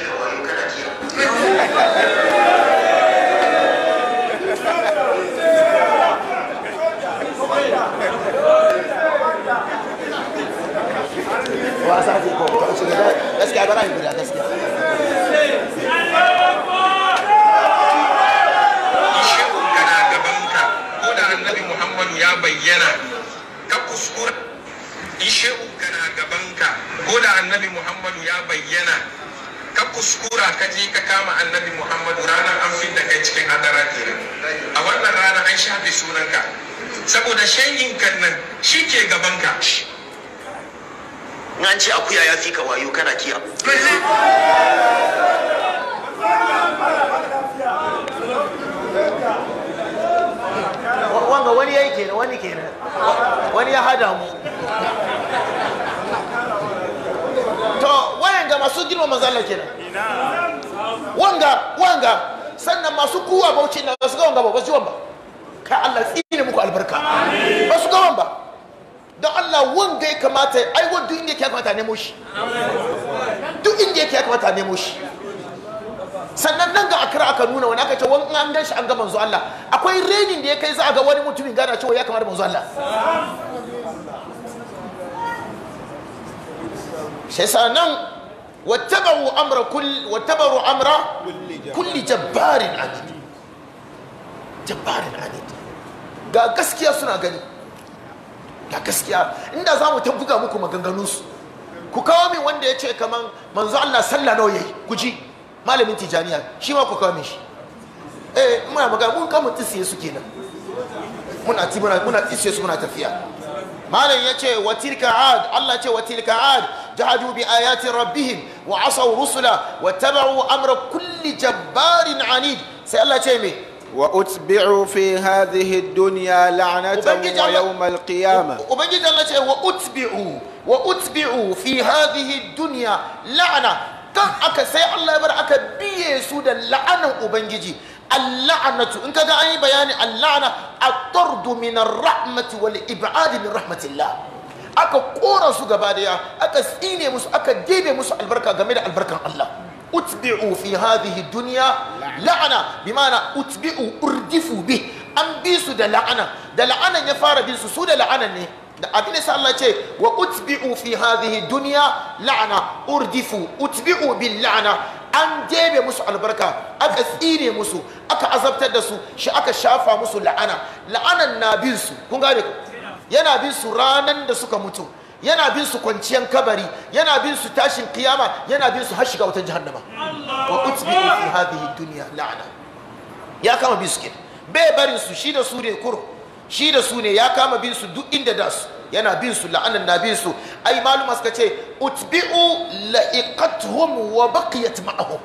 wasa she'u kana gabanka ko annabi muhammadu ya bayyana ka kuskura ka je ka kama annabi muhammadu ranar an da cikin hadara a wannan rana an shafe sunanka saboda shayin kan nan shi ke gabanka in an ce akuya ya fi ka wayo kana kiya wanga wani yayi kenan wani kenan wani ya hada mu to wayanga masu girma manzo kenan wanga wanga sannan masu kuwa bauchi na su ga wanga ba ba su wanga ka Allah tsine muku albarka ba su ga wanga ba don Allah wanda ya kamata ai duk inda ya kamata nemo shi duk inda ya kamata nemo shi sannan nan ga akira aka nuna wani aka ce wani an gan shi an ga manzo Allah akwai renin da ya kai za a ga wani mutumin gana cewa ya kamata manzo Allah sai sanan wattabaru amra kulli wattabaru amra kulli jabbarin anid jabbarin anid ga gaskiya suna gani da gaskiya inda za mu ta buga muku maganganunsu ku kawo min wanda ya ce kamar manzo Allah sallah nawa yayi ku ji malamin tijaniya shi ma ku kawo min shi eh muna magana mun kama tisiye su kenan muna ti muna muna su muna tafiya malam ya ce wa tilka ad Allah ce wa tilka ad jahadu bi ayati rabbihim wa asaw rusula wa tabu amra kulli jabbarin anid sai Allah ce me وأتبعوا في هذه الدنيا لعنة ويوم القيامة وبنجد الله تعالى وأتبعوا وأتبعوا في هذه الدنيا لعنة كان أكا سي الله يبر أكا بيه سودا لعنة وبنجي اللعنة إنك كان أي بيان اللعنة الطرد من الرحمة والإبعاد من رحمة الله أكا قورا سوغا باديا أكا سيني مسو أكا ديبي مسو البركة غمير البركة الله utbi'u fi hadhihi dunya la'ana bimana utbi'u urdifu bi an bi su da la'ana da la'anan ya fara bin su su da la'ana ne da abin da Allah ce wa utbi'u fi hadhihi dunya la'ana urdifu utbi'u bil la'ana an jebe musu albarka aka tsine musu aka azabtar da su shi aka shafa musu la'ana la'anan na bin su kun gane yana bin su ranan da suka mutu yana bin su kwanciyan kabari yana bin su tashin kiyama yana bin su har shiga wutan jahannama wa utbi'u fi hadhihi dunya la'ana ya kama bin su ke. bai barin su shi da su ne kur shi da su ne ya kama bin su duk inda da su yana bin su la'anan na bin su ai maluma suka ce utbi'u la'iqatuhum wa baqiyat ma'ahum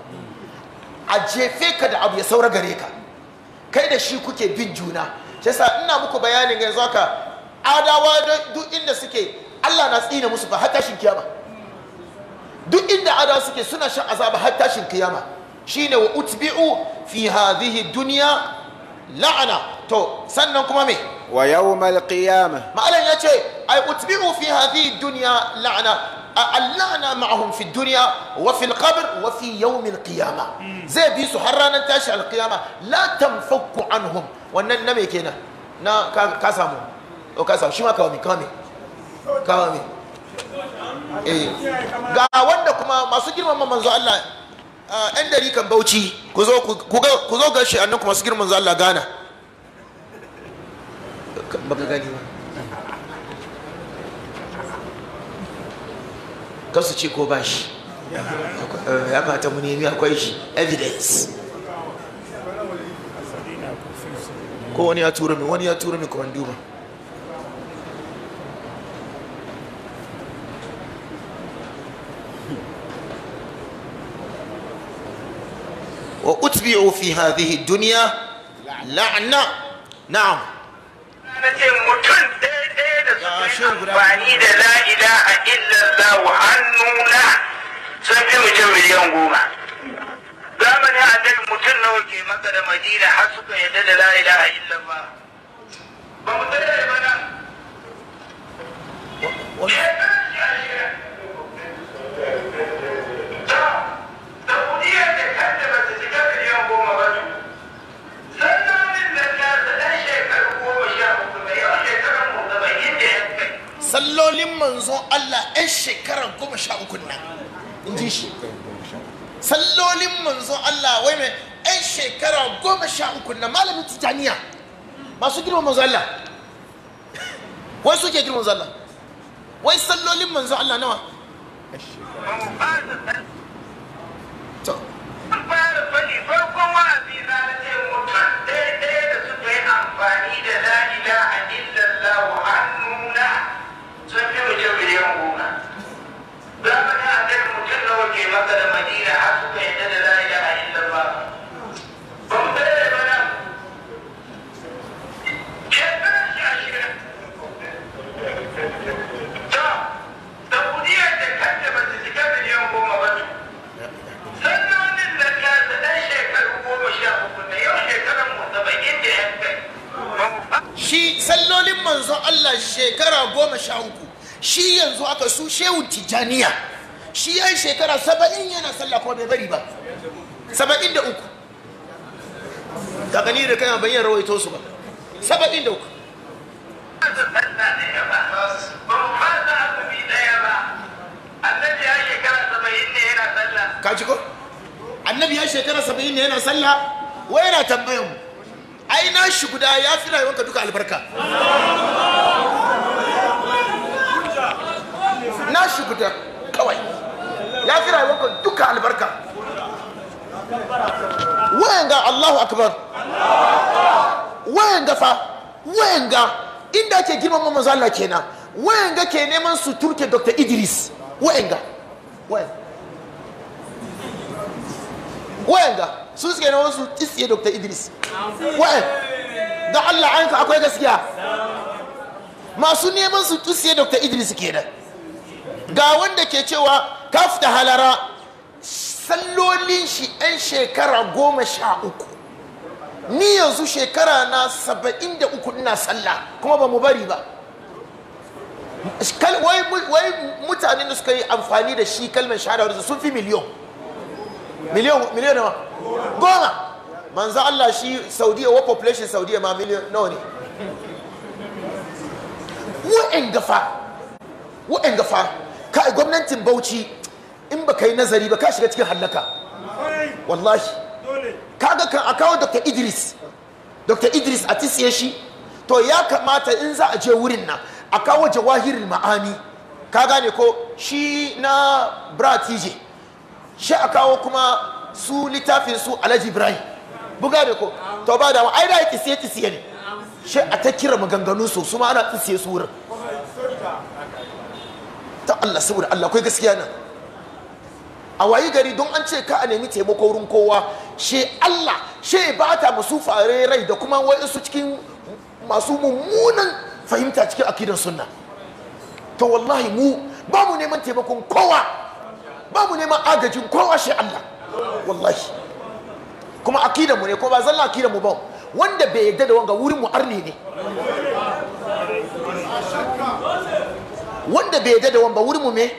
a jefe ka da abu ya saura gare ka kai da shi kuke bin juna shi yasa ina muku bayanin yanzu haka adawa duk inda suke Allah na tsina musu ba har tashin kiyama duk inda ada suke suna shan azaba har tashin kiyama shine wa utbi'u fi hadhihi dunya la'ana to sannan kuma me wa yawmal qiyamah malam yace ay utbi'u fi hadhihi dunya la'ana allana ma'ahum fi dunya wa fi al-qabr wa fi yawm al-qiyama hmm. zai bi su har ranar tashi al-qiyama la tanfaku anhum wannan na me kenan na ka samu o ka samu shi ma ka wani kame gawa me eh ga wanda kuma masu girmama manzo Allah ɗan dari kan bauchi ku zo ku zo gashi annan kuma su girman Allah gana baka gani ba kasu ce ko ba shi ya fata mu nemi akwai shi evidence ko wani ya tura mi wani ya tura mi kuma duba yutbi'u fi hadhihi dunya la'na na'am ce mutum daidai da su amfani da la ilaha illallah hannuna sun fi mutum miliyan goma Zamani a annabi mutum nawa ke maka da madina har suka yadda da la a illallah ba mu tsaya da mana sallolin manzon Allah 'yan shekarar goma sha uku nan in ji shi sallolin manzon Allah wai mai shekara goma sha uku nan malamin titaniya masu girma manzon Allah wai suke girma manzon Allah wai sallolin manzon Allah nawa to fara faɗi farkon wa'azi na ce muka daidai da suka yi amfani da la ilaha illallah wa miliyan goma a annabi mutum nawa ke maka da madina har suka yadda da la ilaha illallah ba mu shi ta sannanin da ta shekaru goma sha yau mu shi sallolin manzon Allah shekara goma sha uku shi yanzu aka su shehu tijaniya shi ya shekara saba'in yana sallah kuma bai bari ba saba'in da uku ka gani da kayan bayyana rawaito su ba saba'in da uku ka ko annabi ya shekara saba'in ne yana sallah wai yana tambayin mu aina shi guda ya fi rayuwanka duka albarka tashi guda kawai ya fi rayuwarka duka albarka wayanga allahu akbar wayanga fa wayanga inda ke girman mamman Allah kenan wayanga ke neman su turke dr idris wayanga wayanga sun suke neman su tsiye dr idris wayan da Allah an ka akwai gaskiya masu neman su tsiye dr idris kenan ga wanda ke cewa da halara sallolin shi 'yan shekara goma sha uku ni yanzu shekara na saba'in da uku ina sallah kuma ba mu bari ba wai mutane da suka yi amfani da shi kalmar shahadar sun fi miliyon miliyon miliyon nawa goma manzo Allah shi saudiya wa population saudiya ma miliyon nawa ne wa'in gafa wa'in gafa kai gwamnatin bauchi in ba kai yi nazari ba ka shiga cikin hallaka wallahi kaga kan a kawo dr idris dr idris a tisiye shi to ya kamata in za a je wurin nan a kawo jawahirin ma'ani ka gane ko shi na bra tj shi a kawo kuma su littafin su alhaji ibrahim buga da ko to ba da ai da ya tisiye tisiye ne shi a ta kira maganganu su su ma ana tisiye su wurin ta Allah saboda Allah kai gaskiya nan a wayi gari don an ce ka a nemi taimako wurin kowa she Allah she ba ta musu fare rai da kuma wayansu cikin masu mummunan fahimta cikin akidar sunna to wallahi mu ba mu neman taimakon kowa ba mu neman agajin kowa she Allah wallahi kuma akidar mu ne ko ba zalla akidar mu ba wanda bai yadda da wanga wurin mu arne ne wanda bai yadda wanda wuri mu me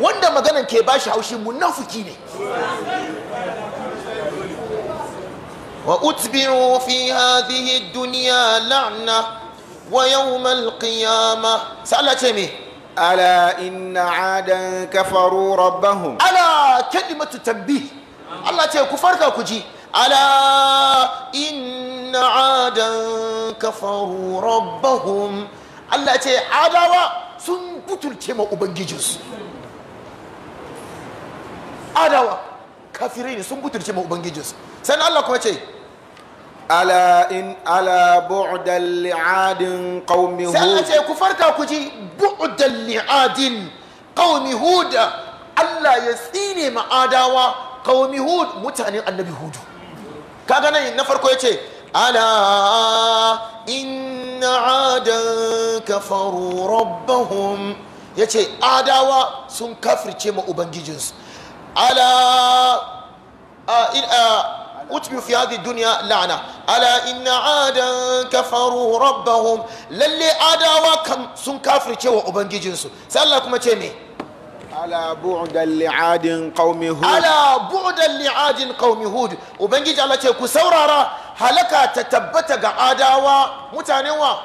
wanda maganan ke ba shi haushi munafiki ne wa utbiru fi hadhihi dunya la'na wa yawmal qiyama sala ce me ala inna adan kafaru rabbahum ala kalimatu tanbih Allah ce ku farka ku ji ala inna adan kafaru rabbahum Allah ce adawa sun butulce ma ubangijinsu adawa kafirai ne sun butulce ma ubangijinsu sai Allah kuma ce ala in ala bu'dan li'adin qaumi hud sai ce ku farka ku ji bu'dan li'adin qaumi hud Allah ya tsine ma adawa qaumi hud mutanen annabi hudu kaga nan na farko yace ala inna adan kafaru rabbahum ya ce adawa sun kafirce wa ubangijinsu ala bu'dan li'adin qaumi hud ala bu'dan li'adin qaumi hud ubangiji Allah ce ku saurara halaka ta tabbata ga adawa mutanen wa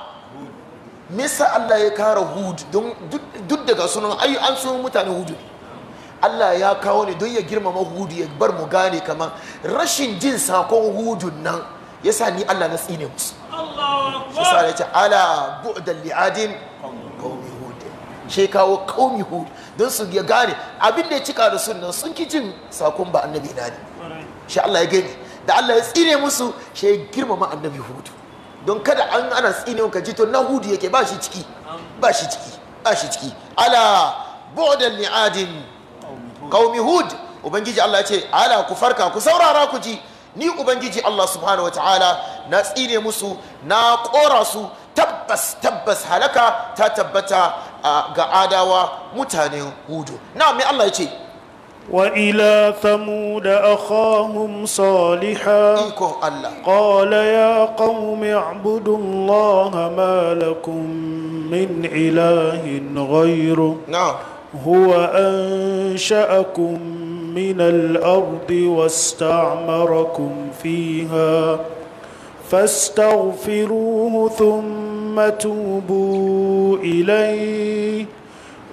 nisa Allah ya kara hud duk daga sunan ayi an sunan mutane hudu Allah ya kawo ne don ya girmama hudu ya bar mu gane kamar rashin jin sakon hudun nan yasa ni Allah na tsine musu yasa ya ce ala bu'dan li'adin qaumi hud shi kawo hud don su ya gane abin da ya cika da sunan sun ki jin sakon ba annabi na ne shi Allah ya gani da Allah ya tsine musu shi ya girmama annabi hudu don kada an ana tsine ka ji to na hudu yake ba shi ciki ba shi ciki ba shi ciki ala bodan ni'adin qaumi hud ubangiji Allah ya ce ala ku farka ku saurara ku ji ni ubangiji Allah subhanahu wataala na tsine musu na kora su tabbas tabbas halaka ta tabbata ga adawa mutanen hudu na mai Allah ya ce وإلى ثمود أخاهم صالحا قال يا قوم اعبدوا الله ما لكم من إله غيره نعم. هو أنشأكم من الأرض واستعمركم فيها فاستغفروه ثم توبوا إليه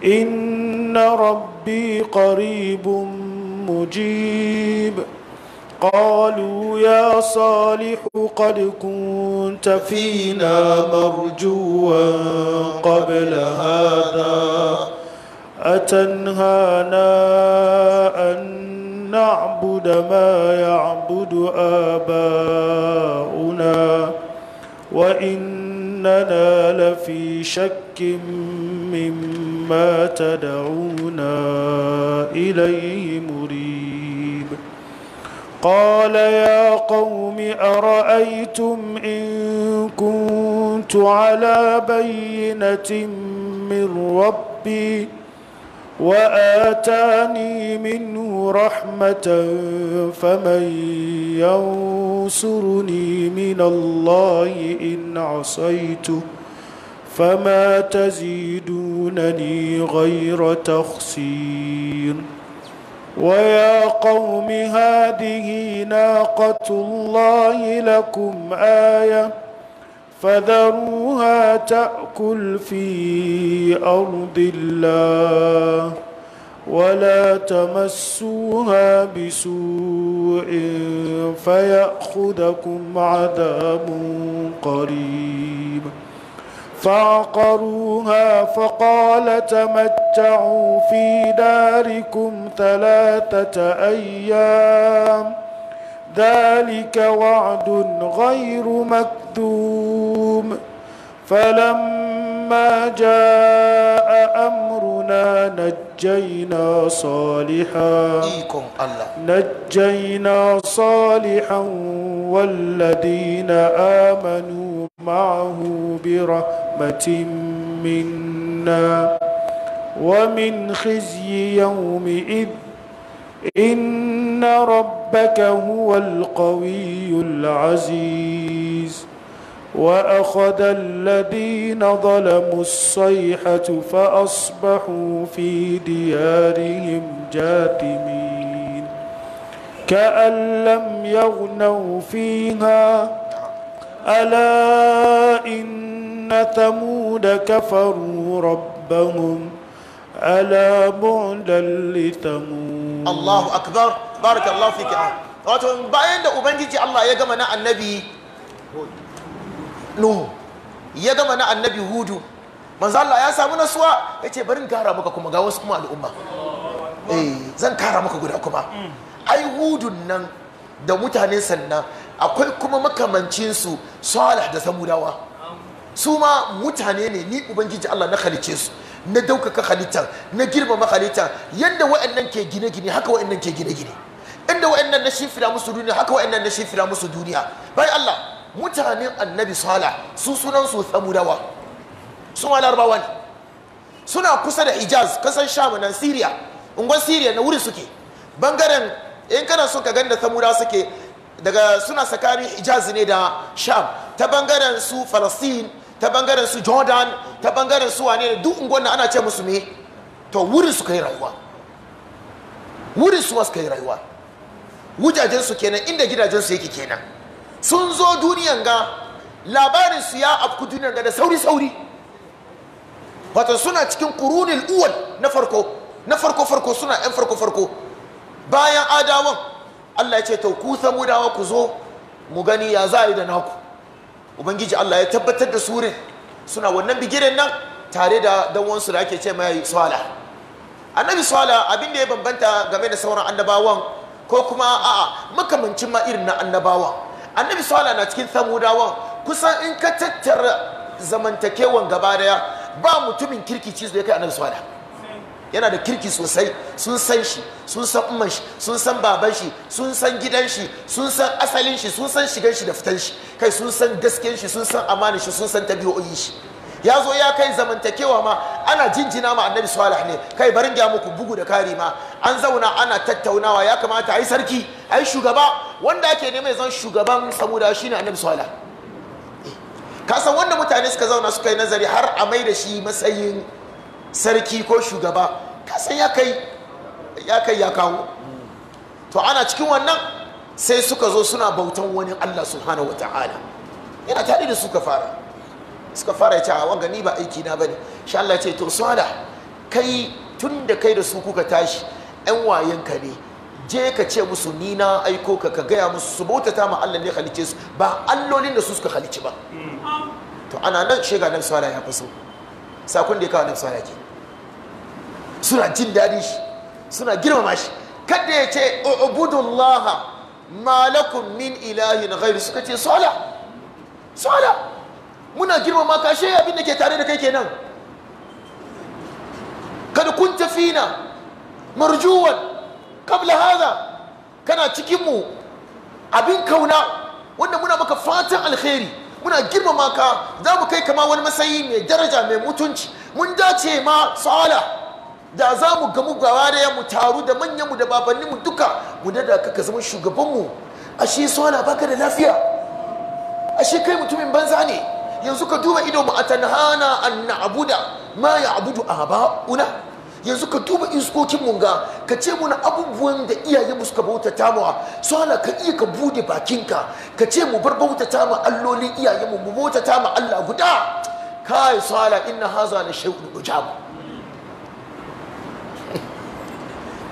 إن ربي قريب مجيب قالوا يا صالح قد كنت فينا مرجوا قبل هذا اتنهانا ان نعبد ما يعبد اباؤنا وان إننا لفي شك مما تدعونا إليه مريب قال يا قوم أرأيتم إن كنت على بينة من ربي واتاني منه رحمه فمن ينصرني من الله ان عصيته فما تزيدونني غير تخسير ويا قوم هذه ناقه الله لكم ايه فذروها تأكل في أرض الله ولا تمسوها بسوء فيأخذكم عذاب قريب فعقروها فقال تمتعوا في داركم ثلاثة أيام ۖ ذلك وعد غير مكتوم فلما جاء أمرنا نجينا صالحا نجينا صالحا والذين آمنوا معه برحمة منا ومن خزي يومئذ إن ربك هو القوي العزيز وأخذ الذين ظلموا الصيحة فأصبحوا في ديارهم جاثمين كأن لم يغنوا فيها ألا إن ثمود كفروا ربهم ألا بعدا لثمود الله أكبر بارك الله فيك wato bayan da ubangiji Allah ya gama na annabi Nuhu ya gama na annabi Hudu manzo ya samu nasuwa yace bari in kara maka kuma ga wasu kuma al'umma eh zan kara maka guda kuma ai nan da mutanen sannan akwai kuma makamancinsu Salah Salih da Samudawa su ma mutane ne ni ubangiji Allah na halice su na daukaka halittar na girmama halittar yadda wa'annan ke gine-gine haka wa'annan ke gine-gine inda wa'annan na shifira musu duniya haka wa'annan na shifira musu duniya bai Allah mutanen annabi sala su sunan su samudawa sun ma larabawa ne suna kusa da ijaz kasan sham nan syria unguwar syria na wuri suke bangaren in kana so ka ganda samudawa suke daga suna tsakanin ijaz ne da sham ta bangaren su falastin ta bangaren su jordan ta bangaren su wane duk unguwan ana ce musu me to wurin su kai rayuwa wurin su wasu kai rayuwa wujajen su kenan inda gidajen su yake kenan sun zo duniyan ga labarin su ya afku duniyan ga da sauri sauri wato suna cikin kurunin uwal na farko na farko farko suna yan farko farko bayan adawan Allah ya ce to ku dawa ku zo mu gani ya za yi da naku ubangiji Allah ya tabbatar da surin suna wannan bigiren nan tare da danwansu da ake ce mai sala annabi sala abin da ya bambanta game da sauran annabawan ko kuma a'a makamancin ma irin na annabawan annabi sala na cikin samudawan kusan in ka tattara zamantakewan gaba daya ba mutumin kirki da ya kai annabi sala yana da kirki sosai sun san shi sun san umman shi sun san baban shi sun san gidan shi sun san asalin shi sun san shigan shi da fitan shi kai sun san gasken shi sun san amanin shi sun san tabi'o'i shi ya zo ya kai zamantakewa ma ana jinjina ma annabi salih ne kai barin ga muku bugu da kari ma an zauna ana tattaunawa ya kamata ai sarki ai shugaba wanda ake neman zan shugaban saboda shine annabi salih eh, ka san wanda mutane suka zauna suka yi nazari har a mai da shi matsayin sarki ko shugaba kasan ya kai ya kai ya kawo to ana cikin wannan sai suka zo suna bautan wani Allah subhanahu wata'ala yana tare da suka fara suka fara ya ce a wanga ni ba aiki na bane sha Allah ce to sada kai tun da kai da su kuka tashi yan wayenka ne je ka ce musu ni na aiko ka ka gaya musu su bautata ma Allah ne halice su ba allolin da su suka halice ba mm. to ana nan shega nan sada ya faso sakon da ya kawo nan sada ke suna jin daɗi shi suna girmama shi kada ya ce ubudullah malakum min na ghairu suka ce sola sola muna girmama ka shi abin da ke tare da kai kenan kada kun na, marjuwan kabla haza kana cikin mu abin kauna wanda muna maka fatan alkhairi muna girmama ka za mu kai kama wani matsayi mai daraja mai mutunci mun dace ma ala. da za mu gamu ya mu taru da manyanmu da babanninmu duka mu dada ka ka zama shugabanmu ashe sola baka da lafiya ashe kai mutumin banza ne yanzu ka duba ido mu atanhana an na'budu ma a ba una yanzu ka duba iskokin munga ga ka ce na abubuwan da iyaye mu suka bautata mu sola ka iya ka bude bakinka ka ce mu bar bautata mu allolin iyaye mu mu bautata mu Allah guda kai sola inna haza la shay'un ujabu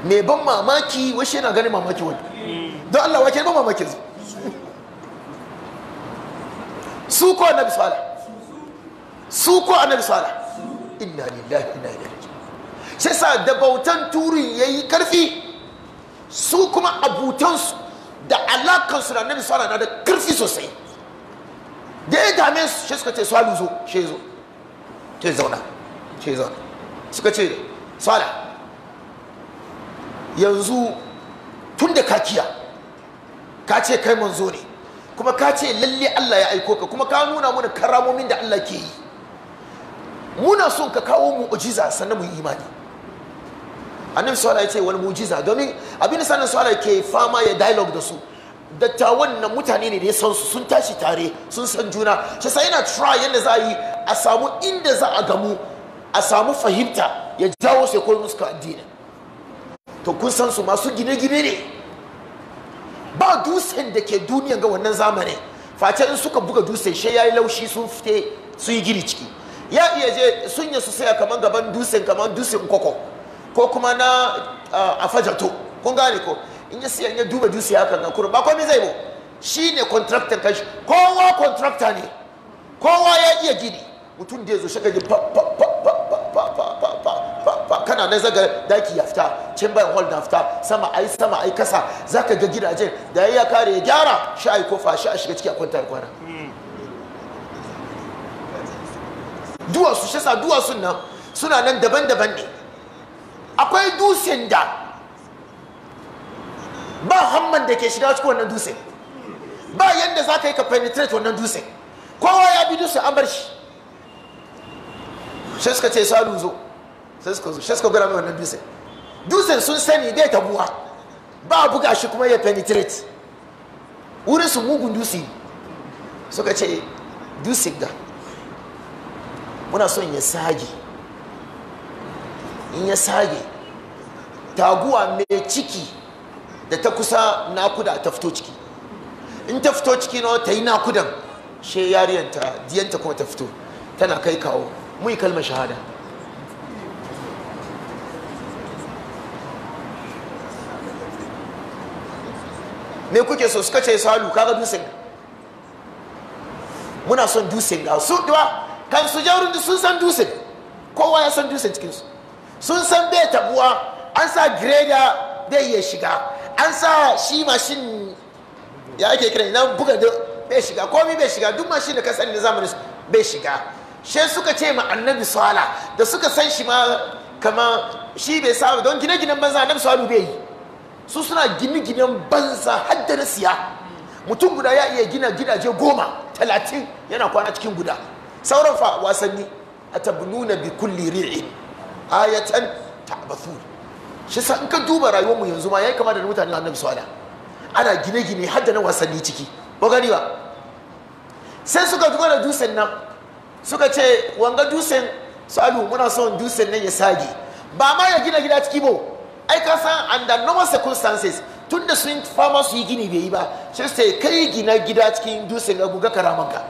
mai ban mamaki wasu yana ganin mamaki wani don Allah wake ban mamaki su su ko annabi sala su ko annabi sala inna lillahi inna ilaihi sai sa da bautan turin yayi karfi su kuma abutansu da alakan su da annabi sala na da karfi sosai da ya dame su shi suka ce salu zo shi zo ce zauna ce zauna suka ce sala yanzu tun da kakiya ka ce kai manzo ne kuma ka ce lalle Allah ya aiko ka kuma ka nuna mana karamomin da Allah ke yi muna son ka kawo mu ujiza sannan mu yi imani annabi sallallahu ya ce wani mu'jiza domin abin sanin sallallahu ke fama ya dialogue da su dattawan na mutane ne da ya san su sun tashi tare sun san juna shi sai yana try yadda za a yi a samu inda za a gamu a samu fahimta ya jawo sai koyi musu addinin. to kun san su masu gine-gine ne ba dutsen da ke duniya ga wannan zamani face in suka buga dusen shi yayi laushi sun fite su yi gini ciki ya iya je sun yi su saya kamar gaban dutsen kamar dutsen koko ko kuma na afajato ah, kun gane ko in ya siya in ya duba dutse haka kan kurun ba komai zai mu shi ne contractor kashi kowa contractor ne kowa ya iya gini mutum da ya zo shaka ji pa pa kana nan zaga daki ya fita chamber hall da fita sama ai sama ai kasa zaka ga gidajen da ya kare ya gyara shi ai kofa shi a shiga ciki a kwanta kwana duwatsu shi sa sun nan suna nan daban-daban ne akwai dusin da ba hamman da ke shiga cikin wannan dusin ba yadda za ka yi ka penetrate wannan dusin kowa ya bi dusin an bar shi sai suka ce salu zo sai suka zo suka gura mai wannan dutsen dutsen sun sani dai buwa ba a buga shi kuma ya penetrate wurin su mugun dutse suka ce dutse ga muna son ya sage in ya sage taguwa mai ciki da ta kusa nakuda ta fito ciki in ta fito ciki na ta yi nakudan she yariyanta diyanta kuma ta fito tana kai kawo mun yi kalmar shahada me kuke so suka ce salu kaga dusin muna son dusin ga su duwa kan su jaurun sun san dusin kowa ya san dusin cikinsu sun san bai tabuwa an sa greda bai iya shiga an sa shi mashin ya ake kiran nan buga da bai shiga komi bai shiga duk mashin da ka sani na zamanin bai shiga she suka ce ma annabi sala da suka san shi ma kama shi bai sa don gine-ginen banza annabi salu bai yi su suna gine-ginen banza hadda na siya mutum guda ya iya gina gidaje goma talatin yana kwana cikin guda sauran fa wasanni a tabnuna bi kulli ri'in ayatan ta'bathu shi sa in ka duba rayuwar mu yanzu ma yayi kama da mutanen annabi sallallahu ana gine-gine hadda na wasanni ciki ba ba sai suka duba da dusen nan suka ce wanga dusen salu muna son dusen nan ya sage ba ma ya gina gida ciki ba ai ka san under normal circumstances tun da sun fama su yi gini bai yi ba shi su kai gina gida cikin dusin ga guga karamanka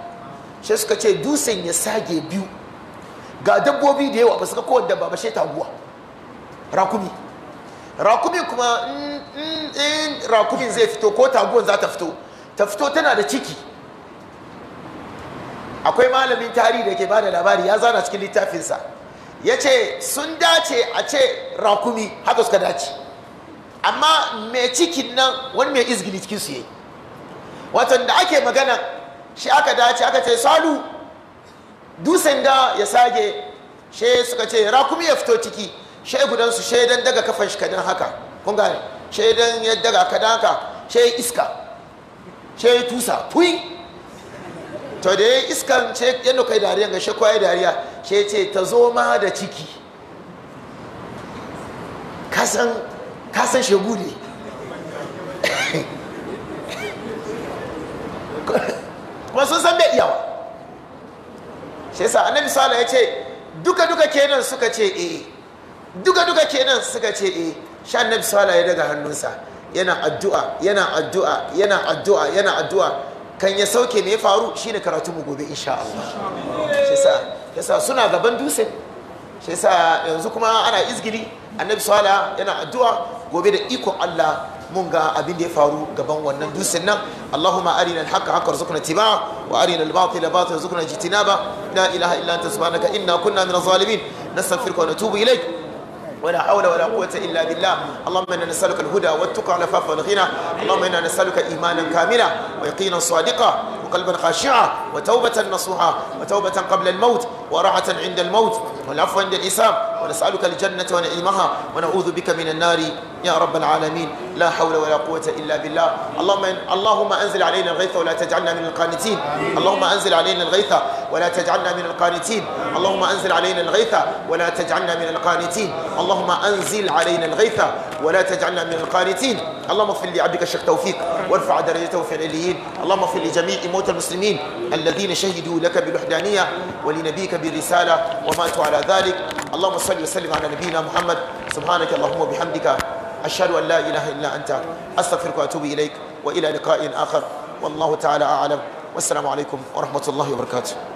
shi suka ce dusin ya sage biyu ga dabbobi da yawa ba suka kowar dabba ba shi taguwa rakumi rakumi kuma in rakumin zai fito ko taguwan za ta fito ta fito tana da ciki akwai malamin tarihi da ke ba da labari ya zana cikin littafinsa ya ce sun dace a ce rakumi haka suka dace amma mai cikin nan wani mai izgini cikin su yi watan da ake magana shi aka dace aka ce salu dusan da ya sage shi suka ce rakumi ya fito ciki she gudansu shi don daga kafan shi kadan haka kun gane she ya daga kadan haka ya iska ya tusa puin to da ya iskan ce yadda kai dariya ga shekwa ya dariya ce ce ta zo ma da ciki kasan kasan shegu ne kuma sun san bai iyawa shi yasa annabi sallallahu ya ce duka duka kenan suka ce eh, eh. duka duka kenan suka ce eh sha annabi sallallahu ya daga hannunsa yana addu'a yana addu'a yana addu'a yana addu'a kan ya sauke me ya faru shi ne karatu mu gobe insha Allah shi sa suna gaban dutse shi sa yanzu kuma ana izgiri annabi sala yana addu'a gobe da iko Allah mun ga abin da ya faru gaban wannan dutsen nan Allahumma arina al-haqqa haqqa warzuqna tibaa wa arina al-batila batila warzuqna jitinaba la ilaha illa anta subhanaka inna kunna min az-zalimin nastaghfiruka wa natubu ilayk ولا حول ولا قوة إلا بالله اللهم إنا نسألك الهدى والتقى والعفاف والغنى اللهم إنا نسألك إيمانا كاملا ويقينا صادقا وقلبا خاشعا وتوبة نصوحا وتوبة قبل الموت وراحة عند الموت والعفو عند الإسام ونسألك الجنة ونعيمها ونعوذ بك من النار يا رب العالمين لا حول ولا قوة إلا بالله اللهم اللهم أنزل علينا الغيث ولا تجعلنا من القانتين اللهم أنزل علينا الغيث ولا تجعلنا من القانتين اللهم أنزل علينا الغيث ولا تجعلنا من القانتين اللهم اللهم أنزل علينا الغيث ولا تجعلنا من القانتين اللهم اغفر لعبدك الشيخ توفيق وارفع درجته في العليين اللهم اغفر لجميع موتى المسلمين الذين شهدوا لك بالوحدانية ولنبيك بالرسالة وماتوا على ذلك اللهم صل وسلم على نبينا محمد سبحانك اللهم وبحمدك أشهد أن لا إله إلا أنت أستغفرك وأتوب إليك وإلى لقاء آخر والله تعالى أعلم والسلام عليكم ورحمة الله وبركاته